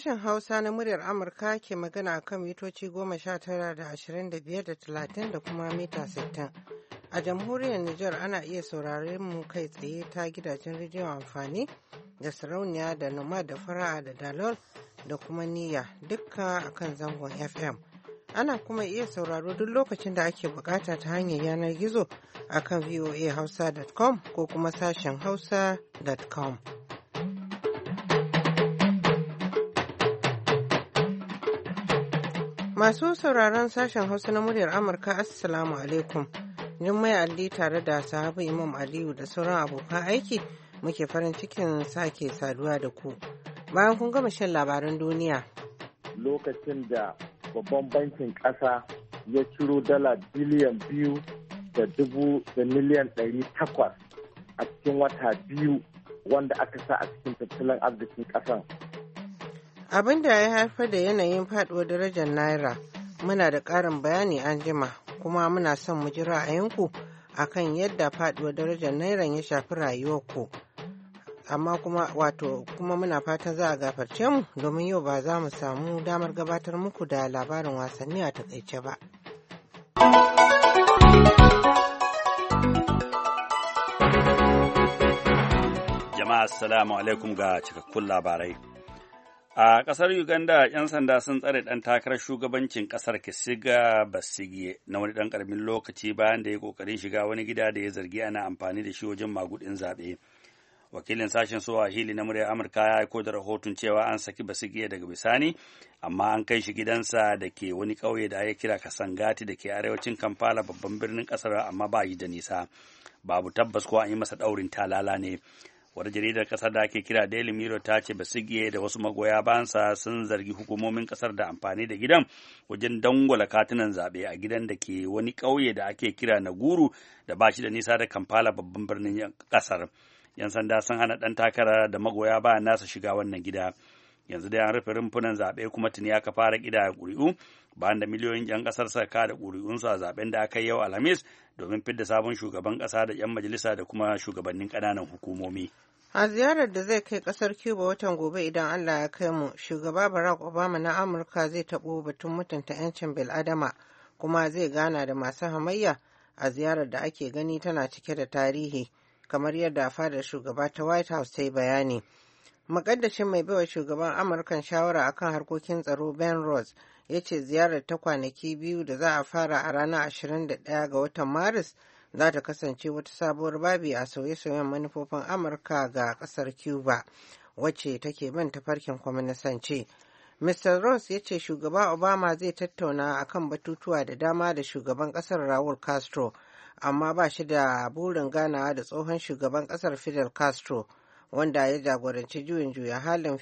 Sashen Hausa na muryar Amurka ke magana a kan mitoci goma sha tara da ashirin da biyar da talatin da kuma mita sittin. A jamhuriyar Nijar ana iya saurare mu kai tsaye ta gidajen rediyon amfani da sarauniya da noma da fara'a da dalol da kuma niyya dukka kan zangon FM. Ana kuma iya sauraro duk lokacin da ake bukata ta hanyar yanar gizo a akan voahausa.com ko kuma sashen hausa.com. Masu sauraron sashen Hausa na muryar Amurka Assalamu alaikum. Jummai Alli tare da sahabu Imam Aliyu da sauran abokan aiki muke farin cikin sake saduwa da ku. Bayan kun gama shan labaran duniya. Lokacin da babban bankin ƙasa ya ciro dala biliyan biyu da dubu da miliyan ɗari takwas a cikin wata biyu wanda aka sa a cikin tattalin arzikin ƙasan. abin da ya haifar da yanayin faduwar darajar naira muna da ƙarin bayani an jima kuma muna son mu ji ra'ayinku akan yadda faduwar darajar naira ya shafi rayuwarku amma kuma wato kuma muna fatan za a gafarce mu domin yau ba za mu samu damar gabatar muku da labarin wasanni a takaice ba. Jama'a assalamu alaikum ga cikakkun labarai. A ƙasar Uganda, 'yan sanda sun tsare ɗan takarar shugabancin ƙasar Kisiga Basigye na wani ɗan ƙaramin lokaci bayan da ya ƙoƙarin shiga wani gida da ya zargi ana amfani da shi wajen magudin zaɓe. Wakilin sashen hili na muryar Amurka ya aiko da rahoton cewa an saki Basigye daga bisani, amma an kai shi gidansa da ke wani ƙauye da ya kira Kasangati da ke arewacin Kampala babban birnin ƙasar amma ba yi da nisa. Babu tabbas ko an yi masa ɗaurin talala ne. wata jaridar kasar da ake kira daily mirror ta ce basige da wasu magoya bansa sun zargi hukumomin kasar da amfani da gidan wajen dangwala katunan zaɓe a gidan da ke wani ƙauye da ake kira naguru da ba shi da nisa da kampala babban birnin kasar yan sanda sun hana ɗan takara da magoya ba nasa shiga wannan gida yanzu dai an rufe rumfunan zaɓe kuma tuni aka fara a ƙuri'u bayan da miliyoyin 'yan kasar sa ka da ƙuri'unsu a zaben da aka yi yau alhamis domin fidda sabon shugaban ƙasa da 'yan majalisa da kuma shugabannin ƙananan hukumomi. A ziyarar da zai kai kasar Cuba watan gobe idan Allah ya kai mu, shugaba Barack Obama na Amurka zai taɓo batun mutunta 'yancin bil'adama kuma zai gana da masu hamayya a ziyarar da ake gani tana cike da tarihi, kamar yadda fadar shugaba ta White House ta bayani. Makaddashin mai bai wa shugaban Amurkan shawara akan harkokin tsaro Ben rose ya ce ziyarar ta kwanaki biyu da za a fara a ranar 21 ga watan maris za ta kasance wata sabuwar babi a sauye-sauyen manufofin amurka ga kasar cuba wacce take bin farkin kwaminisanci mr ross ya ce shugaba obama zai tattauna akan batutuwa da dama da shugaban kasar raul castro amma ba shi da burin ganawa da tsohon shugaban kasar fidel castro wanda ya jagoranci juyin juya halin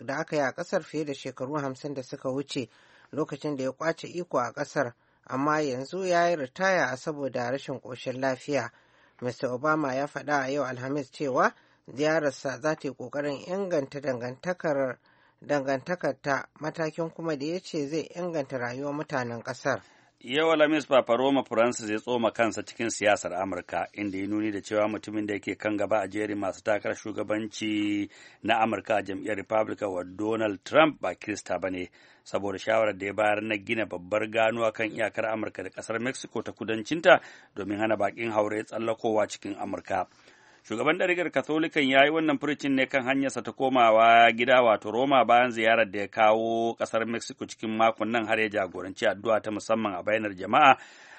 da aka yi a kasar fiye da shekaru hamsin da suka wuce lokacin da ya kwace iko a ƙasar amma yanzu ya yi ritaya saboda rashin ƙoshin lafiya. Mr. Obama ya faɗa a yau Alhamis cewa ziyararsa za ta yi ƙoƙarin inganta dangantakar ta matakin kuma da ya ce zai inganta rayuwar mutanen ƙasar. Yau lamis Papa Roma Francis ya tsoma kansa cikin siyasar Amurka inda ya nuni da cewa mutumin da yake kan gaba a jerin masu takarar shugabanci na Amurka a jam'iyyar republica wa Donald Trump ba Kirista ba ne saboda shawarar da ya bayar na gina babbar ganuwa kan iyakar Amurka da kasar Mexico ta kudancinta domin hana bakin haure tsallakowa cikin Amurka. Shugaban ɗarigar Katolikan ya yi wannan furcin ne kan hanyarsa ta komawa gida wato Roma bayan ziyarar da ya kawo ƙasar Mexico cikin makon nan har ya jagoranci addu'a ta musamman a bayanar jama'a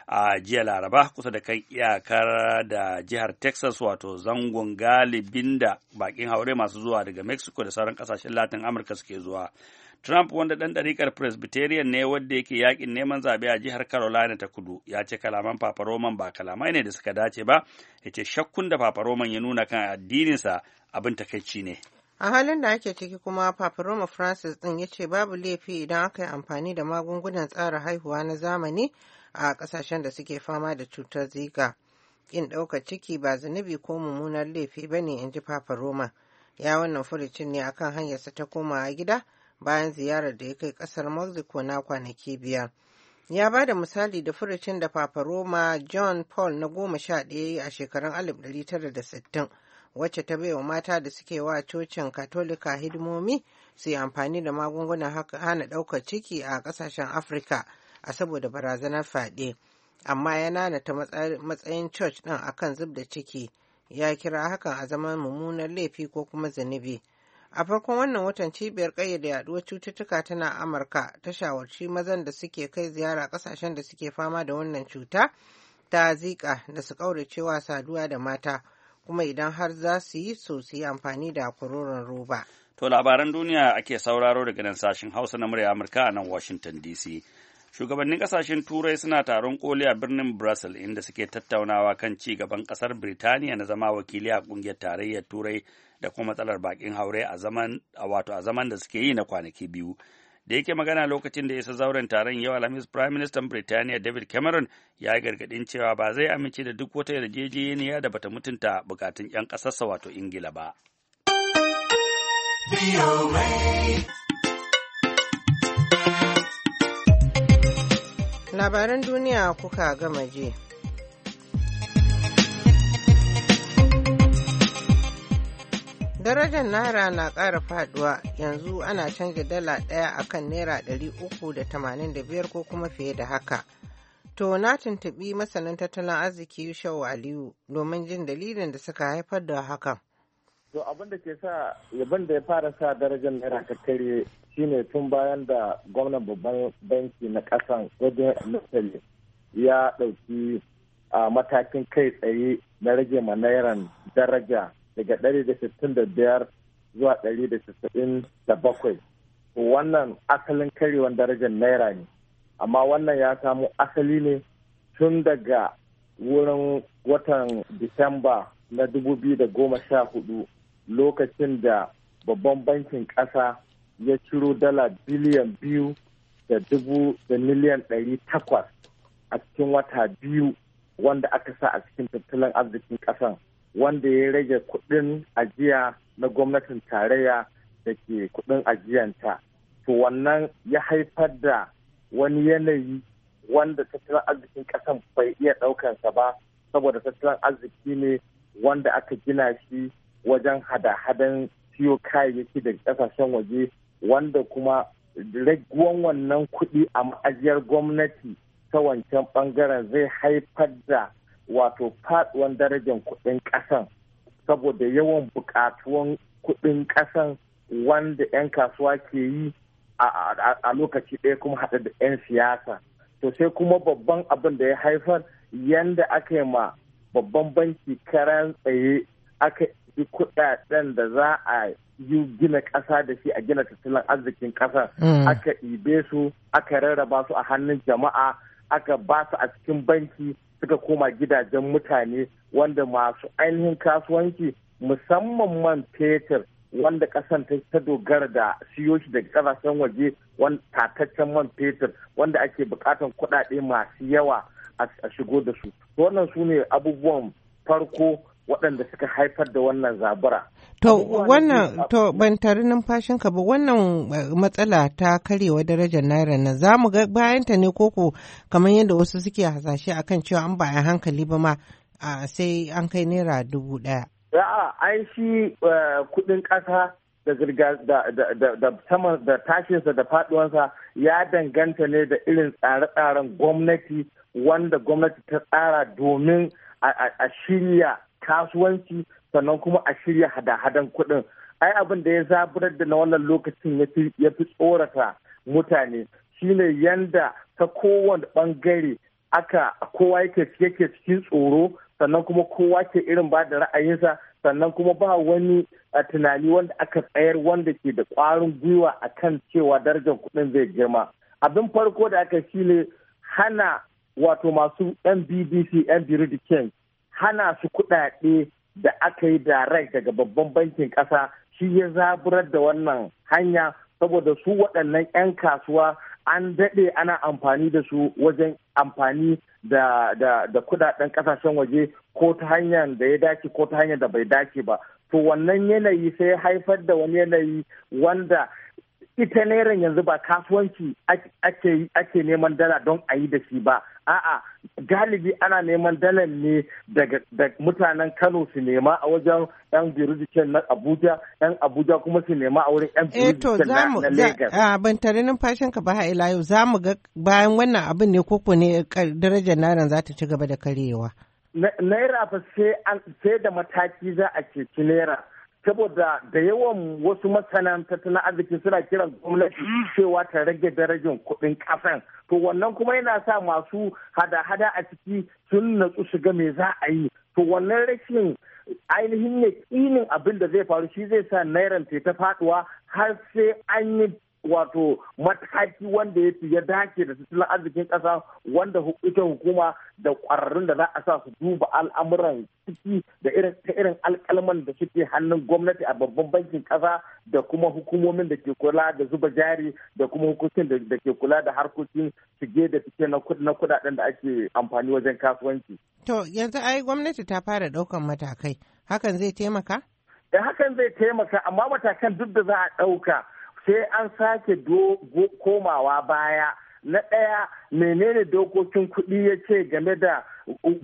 a jiya Laraba kusa da kan iyakar da jihar Texas wato zangon galibin da bakin haure masu zuwa daga Mexico da sauran ƙasashen Latin Amurka suke zuwa. Trump wanda ɗan ɗarikar Presbyterian ne wadda yake yakin neman zaɓe a jihar Carolina ta kudu ya ce kalaman Papa Roman ba kalamai ne da suka dace ba ya ce shakkun da Papa Roman ya nuna kan addininsa abin takaici ne. A halin da ake ciki kuma Papa Roma Francis ɗin ya ce babu laifi idan aka yi amfani da magungunan tsara haihuwa na zamani a ƙasashen da suke fama da cutar zika. Ƙin ɗaukar ciki ba zunubi ko mummunar laifi ba ne in ji Papa Roma. Ya wannan furucin ne akan hanyarsa ta komawa gida bayan ziyarar da ya kai kasar mexico na kwanaki biyar ya ba da misali da furucin da papa roma john paul na goma sha ɗaya a shekarun 1960 wacce ta baiwa mata da suke wa cocin katolika hidimomi su yi amfani da magungunan hana ɗaukar ciki a ƙasashen afirka a saboda barazanar fyaɗe amma ya nanata matsayin church ɗin akan zub da ciki ya kira hakan a zaman mummunar laifi ko kuma zunubi A farkon wannan watan cibiyar ƙayyade yaduwar cututtuka tana Amurka ta shawarci mazan da suke kai ziyara ƙasashen da suke fama da wannan cuta ta zika da su cewa saduwa da mata kuma idan har za su yi so su yi amfani da kororon roba. To labaran duniya ake sauraro daga nan sashen Hausa na murya Amurka a nan Washington DC. shugabannin kasashen turai suna taron koli a birnin brussels inda suke tattaunawa kan ci gaban kasar birtaniya na zama wakili a kungiyar tarayyar turai da kuma matsalar bakin haure a zaman wato a zaman da suke yi na kwanaki biyu da yake magana lokacin da ya isa zauren taron yau alhamis prime minister birtaniya david cameron ya yi gargadin cewa ba zai amince da duk wata yarjejeniya da bata mutunta bukatun 'yan ƙasarsa wato ingila ba. Labaran duniya kuka gama je. Darajar Naira na ƙara faduwa yanzu ana canza dala ɗaya akan Naira ɗari uku da tamanin da biyar ko kuma fiye da haka. To na tuntuɓi masanin tattalin arziki Yushau Aliyu domin jin dalilin da suka haifar da hakan. To abin da ke sa yabin da ya fara sa darajar naira ka karye shine tun bayan da gwamnan babban banki na kasan wajen misali ya ɗauki a matakin kai tsaye na rage ma nairan daraja daga 165 zuwa bakwai wannan asalin karewan darajar naira ne amma wannan ya samu asali ne tun daga wurin watan disamba na 2014 lokacin da babban bankin ƙasa ya ciro dala biliyan biyu da dubu da miliyan ɗari takwas a cikin wata biyu wanda aka sa a cikin tattalin arzikin ƙasan wanda ya rage kuɗin ajiya na gwamnatin tarayya da ke kuɗin ajiyanta to wannan ya haifar da wani yanayi wanda tattalin arzikin ƙasan bai iya ɗaukansa ba saboda tattalin arziki ne wanda aka gina shi wajen hada-hadan siyo kayayyaki daga kasashen waje wanda kuma raguwan wannan kuɗi a ma'ajiyar gwamnati ta wancan bangaren zai haifar da wato faɗuwan darajar kuɗin ƙasan saboda yawan buƙatuwan kuɗin ƙasan wanda 'yan kasuwa ke yi a lokaci ɗaya kuma haɗa da 'yan siyasa to sai kuma babban abin da ya haifar yanda aka yi ma babban banki karan tsaye aka ɗauki kuɗaɗen da za a yi gina ƙasa da shi a gina tattalin arzikin ƙasa. Mm. aka ibe su aka rarraba su a hannun jama'a aka ba su a cikin banki suka koma gidajen mutane wanda masu ainihin kasuwanci musamman man fetur wanda ƙasan ta dogara da siyo shi daga kasashen waje tataccen man fetur wanda ake bukatan kuɗaɗe masu yawa a shigo da su wannan su ne abubuwan farko waɗanda suka haifar da wannan zabura. To wannan to ban tari numfashinka ba wannan eh, matsala ta karewa darajar naira na za mu ga bayanta ne koko kamar yadda wasu suke hasashe a kan cewa an ba a hankali ba ma sai an kai naira dubu ɗaya. A'a an shi eh, kuɗin ƙasa da zirga da saman da tashinsa da faɗuwansa ya danganta ne da irin tsare-tsaren gwamnati wanda gwamnati ta tsara domin a shirya kasuwanci sannan kuma a shirya hada-hadan kuɗin ai abin da ya zaburar da na wannan lokacin ya fi tsorata mutane shine yanda ta kowane ɓangare aka kowa yake yake cikin tsoro sannan kuma kowa ke irin ba da ra'ayinsa sannan kuma ba wani tunani wanda aka tsayar wanda ke da kwarin gwiwa a kan cewa darajar kuɗin zai girma abin farko da aka shine hana wato masu yan bbc yan hana su kuɗaɗe da aka yi direct daga babban bankin ƙasa shi ya zaburar da wannan hanya saboda su waɗannan 'yan kasuwa an daɗe ana amfani da su wajen amfani da, da, kudaden ƙasashen waje ko ta hanyar da ya dace ko ta hanyar da bai dace ba to wannan yanayi sai haifar da wani yanayi wanda ita naira yanzu ba kasuwanci ake neman dala don a yi da shi ba a'a galibi ana neman dalan ne daga mutanen kano su nema a wajen yan birijikin na abuja yan abuja kuma su nema a wurin yan birijikin eh, na lagos a ah, ban tare numfashin ka ba ha ila yau za ga bayan wannan abin ne koko ne darajar naira za ta ci gaba da karewa naira fa sai da mataki za a ceci naira saboda da yawan wasu masana tattalin arziki suna kiran gwamnati cewa ta rage darajin kuɗin ƙasan to wannan kuma yana sa masu hada-hada a ciki sun natsu su ga me za a yi to wannan rashin ainihin ƙinin abin da zai faru shi zai sa nairan ta faɗuwa har sai an yi wato mataki wanda ya ya dace da tattalin arzikin ƙasa wanda ita hukuma da ƙwararrun da za a sa su duba al'amuran ciki da irin ta da suke hannun gwamnati a babban bankin ƙasa da kuma hukumomin da ke kula da zuba jari da kuma hukuncin da ke kula da harkokin shige da fice na kudaden da ake amfani wajen kasuwanci. To yanzu ai gwamnati ta fara ɗaukan matakai hakan zai taimaka? Da eh, hakan zai taimaka amma matakan duk da za a ɗauka sai an sake komawa baya na ɗaya menene dokokin kuɗi ya ce game da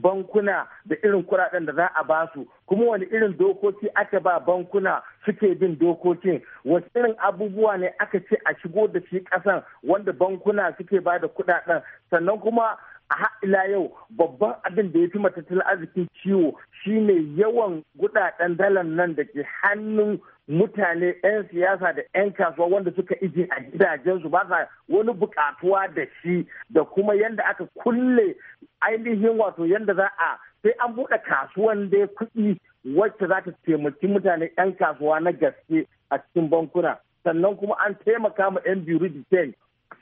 bankuna da irin kuɗaɗen da za a ba su kuma wani irin dokoki aka ba bankuna suke bin dokokin wasu irin abubuwa ne aka ce a shigo da shi ƙasan wanda bankuna suke ba da kuɗaɗen sannan kuma a ila yau babban abin da ya fi matattalin arzikin ciwo shine yawan gudaden dalan nan da ke hannun mutane 'yan siyasa da 'yan kasuwa wanda suka iji a gidajensu ba sa wani bukatuwa da shi da kuma yadda aka kulle ainihin wato yadda za a sai an buɗe kasuwan da kuɗi wacce za ta taimaki mutane 'yan kasuwa na gaske a cikin bankuna sannan kuma an taimaka ma 'yan biyu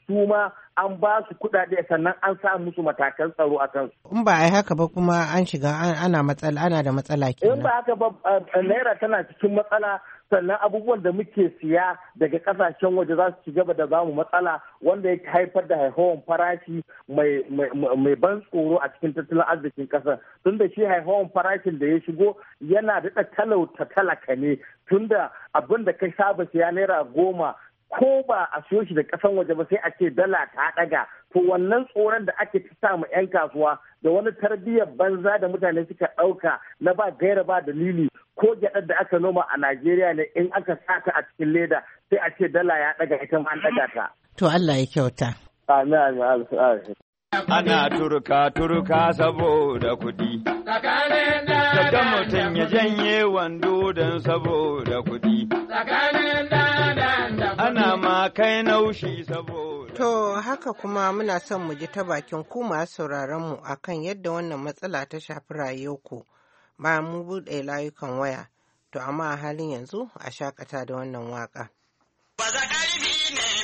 su ma an ba su kuɗaɗe sannan an sa musu matakan tsaro a kansu. In ba a yi haka ba kuma an shiga ana matsala ana da matsala kenan. In ba haka ba eh, eh, naira tana cikin matsala sannan abubuwan da muke siya daga kasashen waje za su ci gaba da zamu matsala wanda ya haifar da haihawan farashi mai ban tsoro a cikin tattalin arzikin kasar tunda shi haihawan farashin da ya shigo yana da talauta talaka ne tunda abin da ka saba siya naira goma ko ba a siyo shi da kasan waje ba sai a ce dala ta daga to wannan tsoron da ake ta ma 'yan kasuwa da wani tarbiyyar banza da mutane suka ɗauka na ba gaira ba dalili ko gyaɗar da aka noma a Najeriya ne in aka saka a cikin leda sai a ce dala ya daga ita ma an daga ta. To Allah ya kyauta. Amin amin Ana turka turka saboda kuɗi. Da mutum ya janye wando don saboda kuɗi. naushi saboda. To haka kuma muna son mu ji ta bakin ku sauraron mu akan yadda wannan matsala ta shafi rayuwarku bayan mu buɗe layukan waya. To amma a halin yanzu a shakata da wannan waka. ne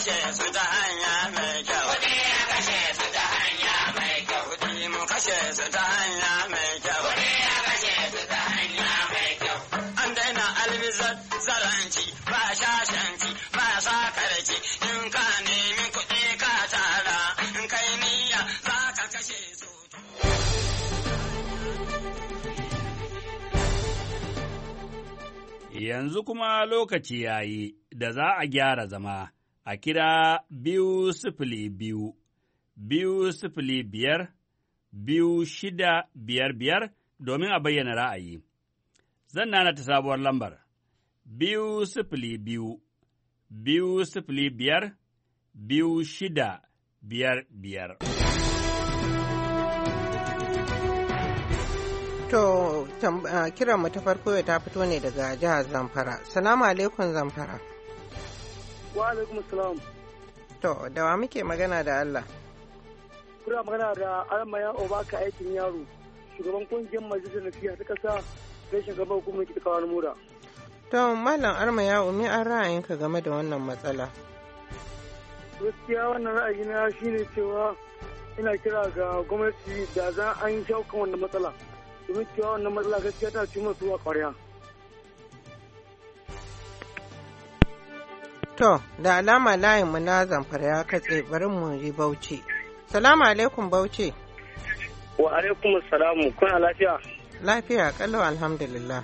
kashe su ta hanya mai kyau. Kuɗi a kashe su ta hanya mai kyau. Kuɗi mu kashe su ta hanya mai kyau. Kuɗi a kashe su ta hanya mai kyau. An daina albizar zaranci ba shashanci ba sakarci in ka nemi kuɗi ka tara in kai niyya za ka kashe su. Yanzu kuma lokaci ya yi da za a gyara zama. a kira biyu sifili biyu, biyu sifili biyar, biyu shida biyar biyar domin a bayyana ra'ayi. Zan nana ta sabuwar lambar, biyu sifili biyu, biyu sifili biyar, biyu shida biyar biyar. To, kira mu ta farko ta fito ne daga jihar Zamfara. Salamu alaikum Zamfara. Wa salam. To, da wa muke magana da Allah? Kuna magana da oba ka aikin yaro, shugaban kungiyar majalisar nasiha ta kasa don shugaban hukumar kita kawo mura. To, Malam ya Umi an ka game da wannan matsala. Gaskiya wannan ra'ayina ne cewa ina kira ga gwamnati da za an yi shaukan wannan matsala. Domin cewa wannan matsala gaskiya ta cimma su a ƙwarya. To, da alama layinmu na zamfara ya katse bari mu yi Bauchi. Salamu alaikum Bauchi. Wa alaikum salamu, kuna lafiya? Lafiya, kallo alhamdulillah.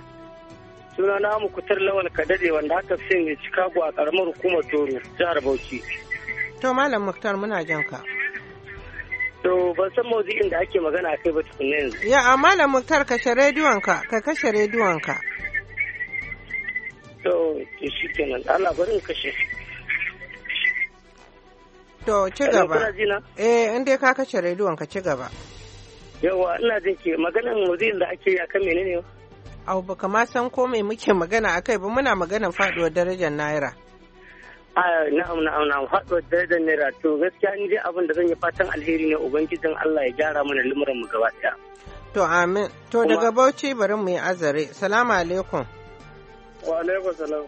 Suna na mukutar lawal kadade wanda aka fi sanya Chicago a karamar hukumar Toro, jihar Bauchi. To, Malam Muktar muna jan ka. To, ban san mawuzi da ake magana a kai ba tukunna yanzu. Ya, Malam Muktar kashe rediyon ka, ka kashe rediyon ka. to shi kenan kashe to ci gaba eh in dai ka kashe rediyon ka ci gaba yawa ina jin ke maganan muzin da ake yi kan menene abu ba kama san ko mai muke magana akai ba muna magana faduwar darajar naira na'am na'am na'am faɗuwar darajar naira to gaskiya in dai abin da zan yi fatan alheri ne ubangijin Allah ya gyara mana lumuran mu gaba ɗaya to amin to daga Bauchi bari mu yi azare salamu alaikum Wa alaikum salam.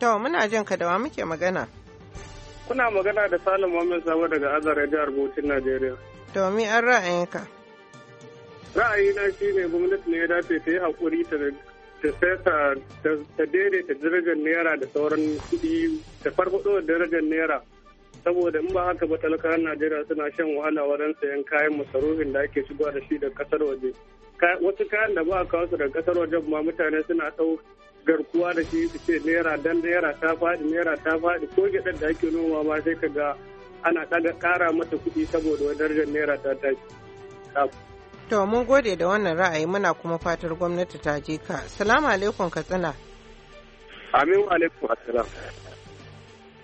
To muna jin ka da wa muke magana. Kuna magana da Salim Muhammad Sabo daga azara jihar Bauchi Najeriya. Domin an ra'ayinka. Ra'ayina shi ne gwamnati ne ya dace ta yi haƙuri ta ta ta daidaita darajar naira da sauran kuɗi ta farfaɗo da darajar naira saboda in ba haka ba talakawan najeriya suna shan wahala wajen sayan kayan masarufin da ake shigowa da shi da ƙasar waje wasu kayan da ba a kawo su daga kasar wajen ma mutane suna ɗau garkuwa da shi su ce naira dan naira ta faɗi naira ta faɗi ko gyaɗar da ake noma ma sai ka ga ana ɗaga ƙara mata kuɗi saboda wani darajar naira ta tashi. To mun gode da wannan ra'ayi muna kuma fatar gwamnati ta je ka. Salamu alaikum Katsina. Amin alaikum assalam.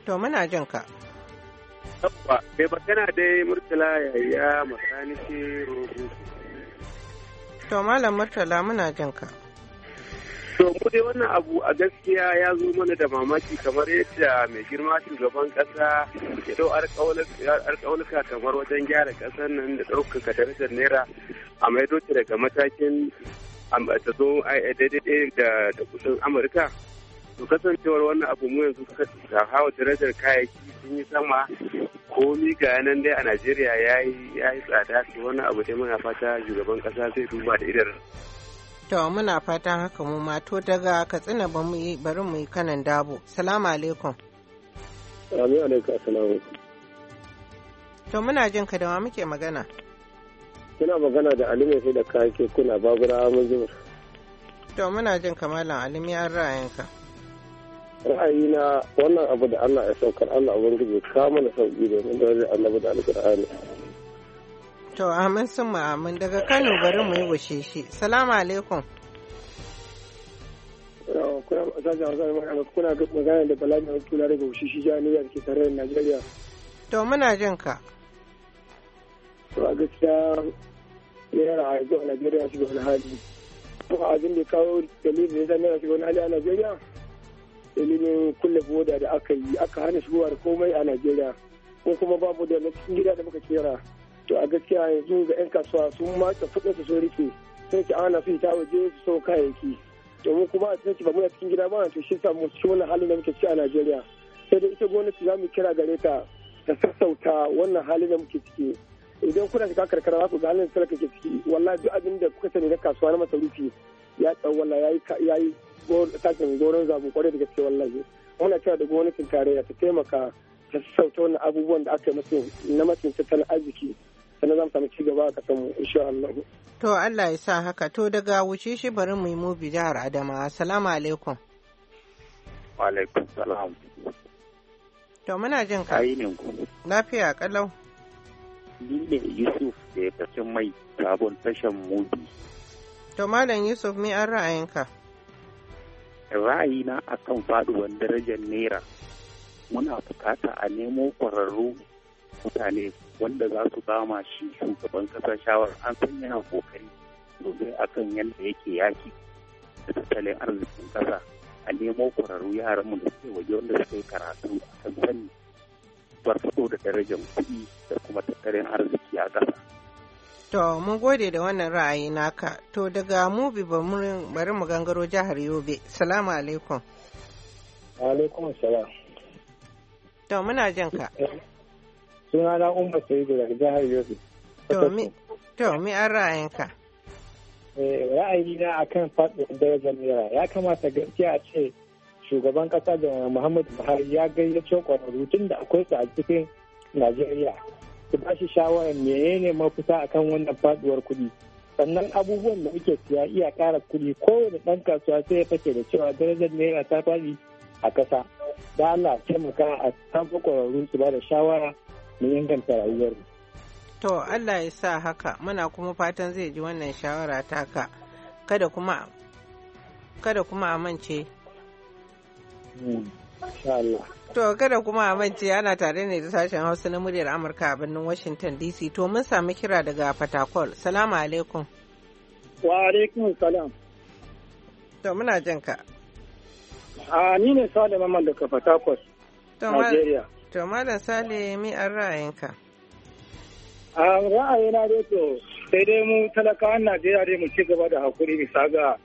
To muna jin ka. Yawwa, bai bakana dai Murtala ya yi masaniki rubutu. To Malam Murtala muna jin ka. To mu dai wannan abu a gaskiya ya zo mana da mamaki kamar yadda mai girma shugaban kasa ya dau alƙawalka kamar wajen gyara ƙasar nan da ɗaukaka darajar naira a maido daga matakin a zo daidai da kudin Amurka. to kasancewar wannan abu mu yanzu ka hawa darajar kayayyaki sun yi sama komi ga nan dai a najeriya ya yi tsada to wannan abu dai muna fata shugaban kasa zai duba da idan to muna fatan haka mu ma to daga katsina bari mu yi kanan dabo salamu alaikum amin alaikum assalamu to muna jin ka da wa muke magana kina magana da ali mai da kake kuna babura mun to muna jin kamalan alimi an ra'ayinka ra'ayina wannan abu da Allah ya saukar Allah ubangiji ka mana sauki mun darajar annabi da alƙur'ani to amin sun amin daga Kano bari mu yi washe shi salamu alaikum kuna kuna magana da bala mai tula daga wuce shi jihar ke tare da Najeriya to muna jin ka to a gaskiya yana a yanzu a Najeriya shiga wani hali to abin da kawo dalilin da ya zama shiga wani hali a Najeriya ilimin kulle boda da aka yi aka hana shigowa da komai a najeriya ko kuma babu da na cikin gida da muka kera to a gaskiya yanzu ga 'yan kasuwa sun ta fuɗe su sun rike sai ki ana su ta waje su sau kayayyaki mu kuma a cikin ba mu cikin gida ba to shi samu shi wannan halin da muke ciki a najeriya sai da ita gwamnati za mu kira gare ta ta sassauta wannan halin da muke ciki idan kuna shiga karkara za ku ga halin da ke ciki wallahi duk abin da kuka sani na kasuwa na masarufi ya tsawala ya yi tashin goron zabu kwarai da gaske wallahi muna cewa da gwamnatin tarayya ta taimaka ta sassauta wannan abubuwan da aka yi na masin tattalin arziki sannan za mu samu ci gaba a kasanmu insha Allah. To Allah ya sa haka to daga wuce shi bari mu yi mubi jihar Adama. Assalamu alaikum. Wa alaikum salam. To muna jin ka. Ayi ne ku. Lafiya kalau. Ni ne Yusuf da ya mai sabon tashan mubi. To Malam Yusuf me an ra'ayinka? Ra'ayina a kan faduwar darajar Naira. Muna bukata a nemo kwararru mutane wanda za su bama shi shugaban kasa shawar an san yana kokari domin kan yadda yake yaki da tattalin arzikin kasa a nemo kwararru yaranmu da suke waje wanda suke karatu a kan sani farfado da darajar kuɗi da kuma tattalin arziki a kasa. To, mun gode da wannan ra'ayi naka. To, daga mubi bari mu gangaro jihar Yobe. Salamu alaikum. Alaikum salam. To, muna jin ka. Suna na Umar sai daga jihar Yobe. To, mi an ra'ayinka? Eh, ra'ayi na akan da darajar naira. Ya kamata gaskiya a ce shugaban kasa da Muhammadu Buhari ya gayyace kwararru tun da akwai su a cikin Najeriya. su ba shi shawarar menene mafita akan wannan faduwar kuɗi sannan abubuwan da muke siya iya ƙara kuɗi kowane ɗan kasuwa sai ya fake da cewa darajar naira ta faɗi a ƙasa da Allah taimaka a samu ƙwararru su ba da shawara mu inganta rayuwar to Allah ya sa haka muna kuma fatan zai ji wannan shawara taka kada kuma kada kuma a mance hmm. To kada kuma a mance ana tare ne da sashen Hausa na muryar Amurka a birnin Washington DC to mun sami kira daga Fatakol. Salamu alaikum. Wa alaikum salam. To muna jin ka. A ni ne Sale Mamman daga Fatakol. Nigeria. To Malam Sale mi an ra'ayinka. A ra'ayina dai to sai dai mu talakawan Najeriya dai mu ci gaba da hakuri bisa ga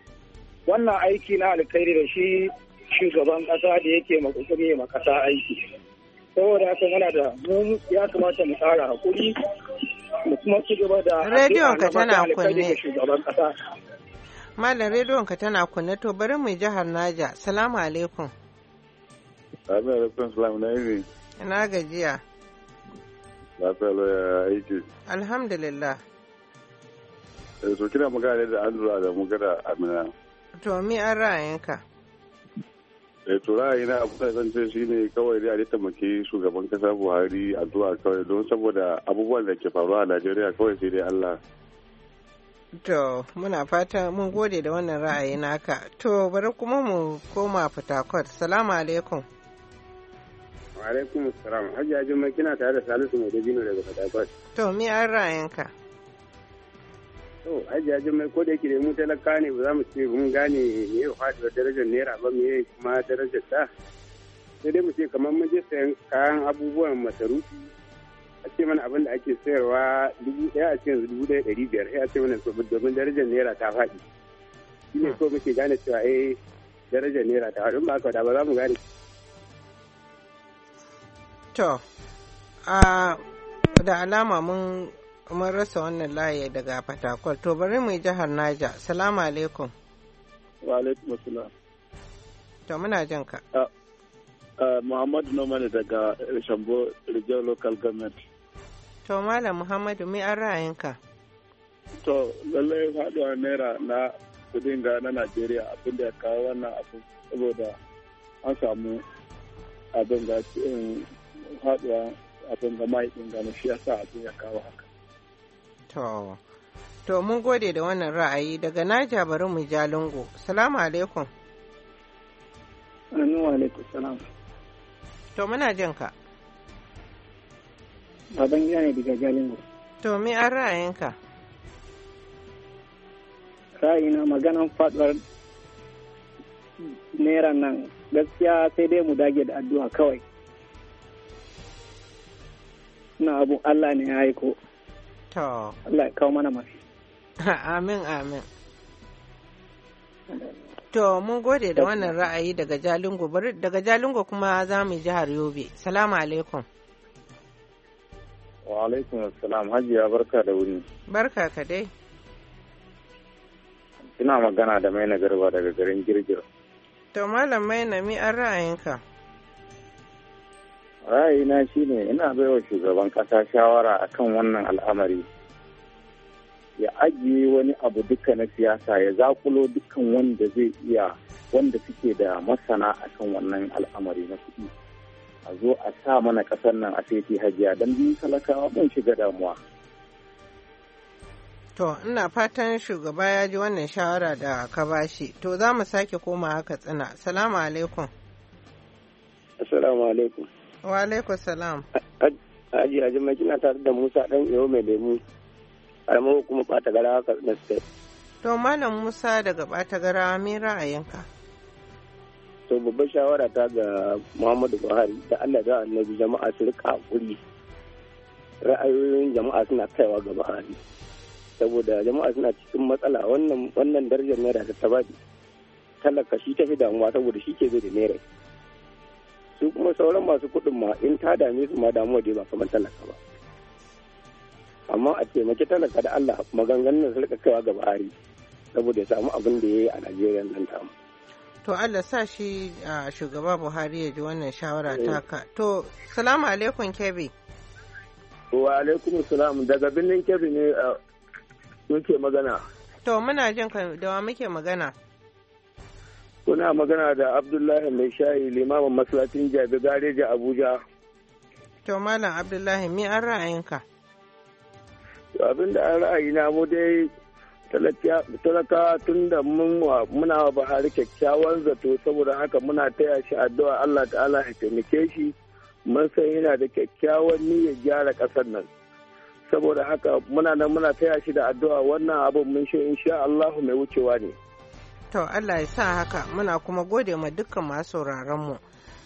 wannan aiki na alkhairi da shi shugaban kasa da yake makokari ma kasa aiki saboda haka yana da mu ya kamata mu tsara hakuri mu kuma ci gaba da rediyon ka tana kunne shugaban kasa malam rediyon ka tana kunne to bari mu jihar Naja salamu alaikum Amin alaikum salamu yi ina gajiya lafiya lawyer aiki alhamdulillah so eh, kina magana da Andrew da mu gada amina to mi an ra'ayinka eh to ra'ayi na abu zan shi shine kawai dai a da tamaki shugaban kasa Buhari a zuwa kawai don saboda abubuwan da ke faruwa a Najeriya kawai sai dai Allah To muna fata mun gode da wannan ra'ayi naka. To bari kuma mu koma Fatakwat. Salamu alaikum. Wa alaikum salam. Hajji Ajima kina tare da Salisu Mai Dabino daga Fatakwat. To me an ra'ayinka? to ajiya mai ko da yake da mu talaka ne ba za mu ce mun gane me ya faɗi darajar naira ba me kuma darajar ta sai dai mu ce kamar mun je sayan kayan abubuwan masarufi a ce mana abin da ake sayarwa dubu ɗaya a ce yanzu dubu ɗaya ɗari biyar sai a ce mana domin darajar naira ta faɗi shi ne ko muke gane cewa eh darajar naira ta faɗi ba da ba za mu gane. to da alama mun mun rasa wannan layi daga fatakwal to bari mu jihar naija salamu alaikum wa alaikum assalam to muna jin ka ah, ah, muhammadu nomani daga shambo region local government to malam muhammadu mai an ra'ayinka to lallai faduwa naira na kudin ga na najeriya abinda ya kawo wannan abu saboda an samu abin ga eh, faduwa abin ga mai ɗin gano shi ya sa abin ya kawo haka To, to mun gode da wannan ra'ayi daga Naja bari mu ja lungu. Salamu alaikum. Anu alaikum salam. To muna jin ka. Baban gida ne daga Jalingo. To me an ra'ayinka? Ra'ayina maganan faɗuwar naira nan gaskiya sai dai mu dage da addu'a kawai. Ina abu Allah ne ya aiko. To. Allah ya kawo mana mafi. Amin amin. To mun gode da wannan ra'ayi daga Jalingo daga Jalingo kuma za mu jihar Yobe. Salamu alaikum. Wa alaikum assalam Hajiya barka da wuni. Barka ka dai. Ina magana da Maina Garba daga garin Girgir. To malam Maina mi an ra'ayinka? ra'ayina ne ina baiwa shugaban kasa shawara a kan wannan al'amari ya ajiye wani abu duka na siyasa ya zakulo dukkan wanda zai iya wanda suke da masana akan wannan al'amari na kuɗi a zo a sa mana ƙasar nan a saiti hajiya don biyu talakawa mun shiga damuwa to ina fatan shugaba ya ji wannan shawara da ka bashi to za mu sake koma haka tsina salamu alaikum assalamu alaikum Wa alaikum salam. a Rajima kina tare da Musa dan Iyo mai lemu. Karamar kuma ɓata gara haka na sai. To Malam Musa daga ɓata gara me ra'ayinka? To babbar shawara ta ga Muhammadu Buhari da Allah da annabi jama'a su rika hakuri. Ra'ayoyin jama'a suna kaiwa ga Buhari. Saboda jama'a suna cikin matsala wannan wannan darajar naira ta tabaɗi. Talaka shi ta fi damuwa saboda shi ke zai da naira. su kuma sauran masu kuɗin ma in ta dame su ma damuwa dai ba kamar talaka ba amma a taimaki talaka da Allah maganganun su rika kaiwa ga bahari saboda ya samu abin da ya yi a Najeriya nan ta To Allah sa shi shugaba Buhari ya ji wannan shawara eh. taka. To salamu alaikum To, Wa alaikum salam daga birnin Kebi ne muke magana. To muna jin da wa muke magana. Kuna magana da Abdullahi Mai Shayi limamin masalatin Jabi Gareji Abuja. To Malam Abdullahi mi an ra'ayinka? Abin da an ra'ayina mu dai talaka tun da muna Buhari kyakkyawan zato saboda haka muna taya shi addu'a Allah ta'ala ya taimake shi mun san yana da kyakkyawan niyyar gyara ƙasar nan. Saboda haka muna nan muna taya shi da addu'a wannan abin mun shi Allah mai wucewa ne. To Allah ya sa haka muna kuma gode ma dukkan masu mu.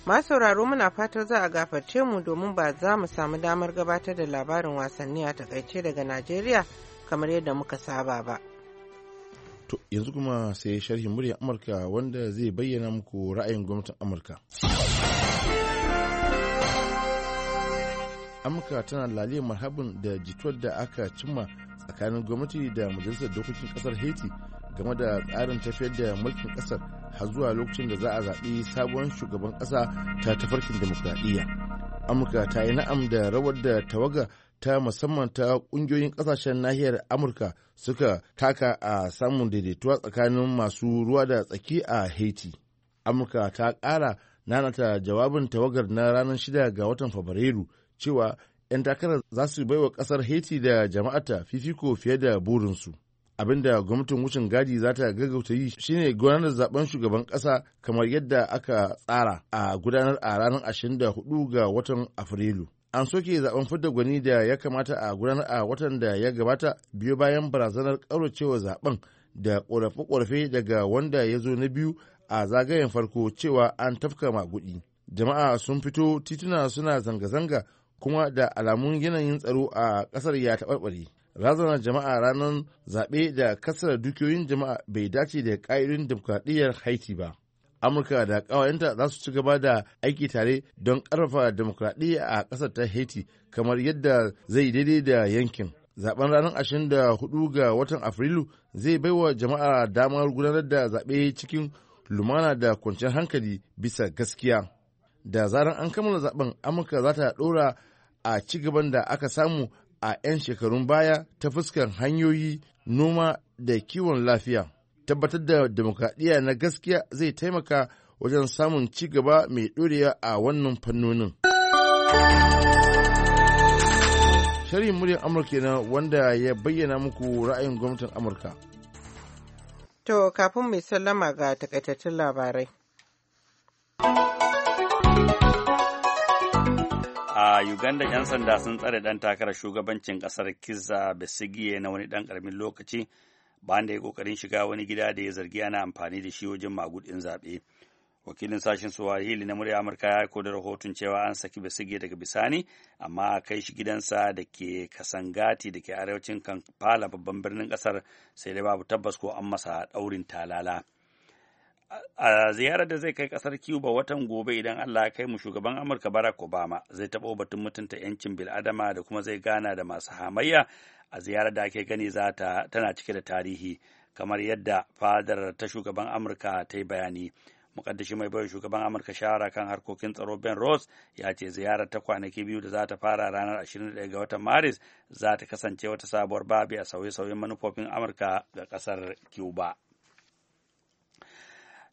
Masu sauraro muna fatar za a gafarce mu domin ba za mu samu damar gabatar da labarin wasanni a takaice daga Najeriya kamar yadda muka saba ba. To yanzu kuma sai sharhin murya Amurka wanda zai bayyana muku ra'ayin gwamnatin Amurka. Amurka tana laliyar marhabin da jituwar da aka cimma tsakanin gwamnati da majalisar dokokin kasar Haiti game da tsarin tafiyar da mulkin kasar har zuwa lokacin da za a zaɓi sabon shugaban ƙasa ta tafarkin demokradiyya amurka ta yi na'am da rawar da tawaga ta musamman ta ƙungiyoyin ƙasashen nahiyar amurka suka taka a samun daidaituwa tsakanin masu ruwa da tsaki a haiti amurka ta ƙara nanata jawabin tawagar na ranar shida ga watan fabrairu cewa 'yan takarar za su baiwa ƙasar haiti da jama'ata fifiko fiye da burinsu. Abin da gwamnatin wucin gadi za ta gaggauta yi shine gudanar zaben shugaban kasa kamar yadda aka tsara a gudanar a ranar 24 ga watan afrilu an soke zaben fidda gwani da ya kamata a gudanar a watan da ya gabata biyo bayan barazanar ƙauracewar zaben da ƙorafe-ƙorafe daga wanda ya zo na biyu a zagayen farko cewa an tafka magudi jama'a sun fito tituna suna zanga-zanga kuma da alamun yanayin tsaro a ƙasar ya taɓarɓare razana jama'a ranar zaɓe da kasar dukiyoyin jama'a bai dace da ƙa'idun demokradiyyar haiti ba amurka da ƙawayenta za su ci gaba da aiki tare don ƙarfafa demokradiyya a ƙasar ta haiti kamar yadda zai daidai da yankin zaben ranar hudu ga watan afrilu zai baiwa jama'a damar gudanar da zaɓe cikin lumana da kwanciyar hankali bisa gaskiya da zaran an kammala zaben amurka za ta ɗora a ci gaban da aka samu a 'yan shekarun baya ta fuskar hanyoyi noma da kiwon lafiya tabbatar da demokradiyya na gaskiya zai taimaka wajen samun ci gaba mai ɗorewa a wannan fannonin. Sharhin muryar Amurka na wanda ya bayyana muku ra'ayin gwamnatin Amurka. To, kafin mai sallama ga takaitattun labarai. a Uganda 'yan sanda sun tsare ɗan takarar shugabancin ƙasar Kizza Besigye na wani ɗan ƙaramin lokaci bayan da ya ƙoƙarin shiga wani gida da ya zargi ana amfani da shi wajen magudin zaɓe. Wakilin sashen Swahili na murya Amurka ya aiko da rahoton cewa an saki Besigye daga bisani amma a kai shi gidansa da ke Kasangati da ke arewacin Kampala babban birnin ƙasar sai dai babu tabbas ko an masa ɗaurin talala. a ziyarar da zai kai kasar Cuba watan gobe idan Allah ya kai mu shugaban Amurka Barack Obama zai taɓo batun mutunta 'yancin bil'adama da kuma zai gana da masu hamayya a ziyarar da ake gani za ta tana cike da tarihi kamar yadda fadar ta shugaban Amurka ta yi bayani. Mukaddashi mai bayar shugaban Amurka shawara kan harkokin tsaro Ben Ross ya ce ziyarar ta kwanaki biyu da za ta fara ranar 21 ga watan Maris za ta kasance wata sabuwar babi a sauye-sauyen manufofin Amurka ga ƙasar Cuba.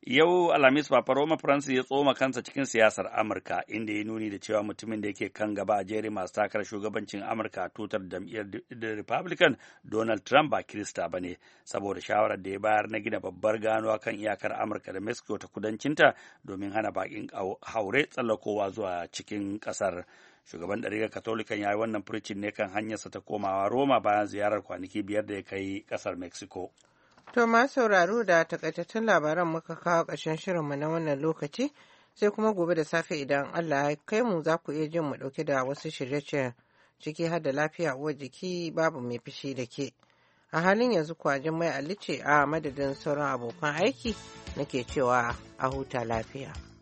Yau Alhamis ba france ya tsoma kansa cikin siyasar Amurka inda ya nuni da cewa mutumin da yake kan gaba a jerin masu takar shugabancin Amurka a tutar jam'iyyar Republican Donald Trump ba Kirista ba ne saboda shawarar da ya bayar na gina babbar gano kan iyakar Amurka da Mexico ta kudancinta domin hana bakin haure tsallakowa zuwa cikin ƙasar. shugaban ɗariƙar katolikan ya yi wannan furcin ne kan hanyarsa ta komawa roma bayan ziyarar kwanaki biyar da ya kai ƙasar mexico To ma sauraro da takaitattun labaran muka kawo ƙarshen shirinmu na wannan lokaci sai kuma gobe da safe idan Allah ya kai mu za ku iya jin mu ɗauke da wasu shirye-shiryen ciki har da lafiya uwa jiki babu mai fishi da ke. A halin yanzu jin mai alice a madadin sauran abokan aiki nake cewa a huta lafiya.